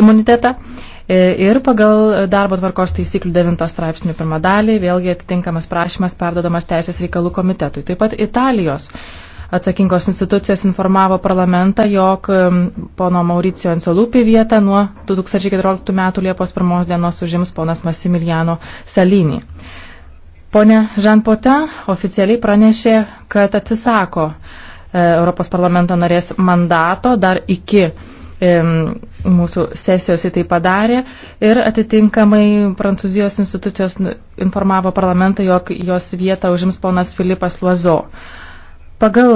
imunitetą. E, ir pagal darbo tvarkos taisyklių 9 straipsnių pirmą dalį vėlgi atitinkamas prašymas perdodamas Teisės reikalų komitetui. Taip pat Italijos atsakingos institucijos informavo parlamentą, jog pono Mauricio Ancelupi vietą nuo 2014 metų Liepos 1 dienos užims ponas Massimiliano Salinį. Pone Žan Pota oficialiai pranešė, kad atsisako e, Europos parlamento narės mandato dar iki mūsų sesijose tai padarė ir atitinkamai Prancūzijos institucijos nu, informavo parlamentą, jog jos vietą užims ponas Filipas Luazo. Pagal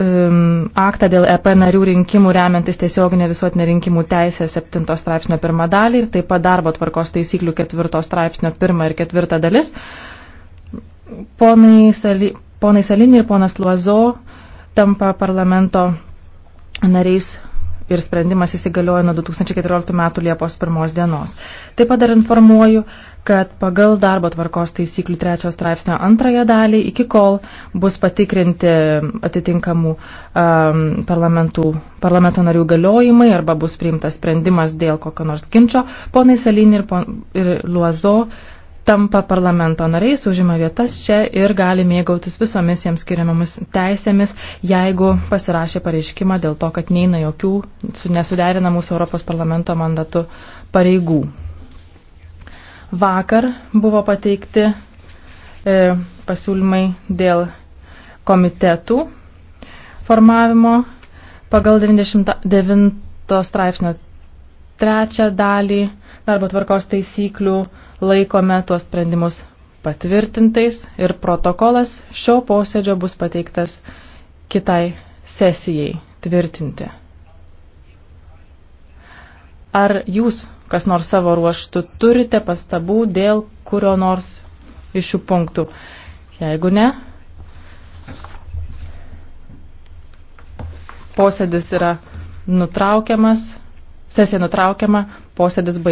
um, aktą dėl EP narių rinkimų remiantis tiesioginė visuotinė rinkimų teisė 7 straipsnio pirmą dalį ir taip pat darbo tvarkos taisyklių 4 straipsnio pirmą ir ketvirtą dalis, ponai, Sali, ponai Salinė ir ponas Luazo tampa parlamento nariais ir sprendimas įsigaliojo nuo 2014 metų Liepos 1 dienos. Taip pat dar informuoju, kad pagal darbo tvarkos taisyklių 3 straipsnio antrąją dalį iki kol bus patikrinti atitinkamų um, parlamento narių galiojimai arba bus priimtas sprendimas dėl kokio nors ginčio, ponai Salinį ir, pon, ir Luozo tampa parlamento nariais, užima vietas čia ir gali mėgautis visomis jiems skiriamomis teisėmis, jeigu pasirašė pareiškimą dėl to, kad neina jokių nesuderina mūsų Europos parlamento mandatų pareigų. Vakar buvo pateikti e, pasiūlymai dėl komitetų formavimo pagal 99 straipsnio trečią dalį darbo tvarkos taisyklių laikome tuos sprendimus patvirtintais ir protokolas šio posėdžio bus pateiktas kitai sesijai tvirtinti. Ar jūs, kas nors savo ruoštų, turite pastabų dėl kurio nors iš šių punktų? Jeigu ne, posėdis yra nutraukiamas, sesija nutraukiama, posėdis baigtas.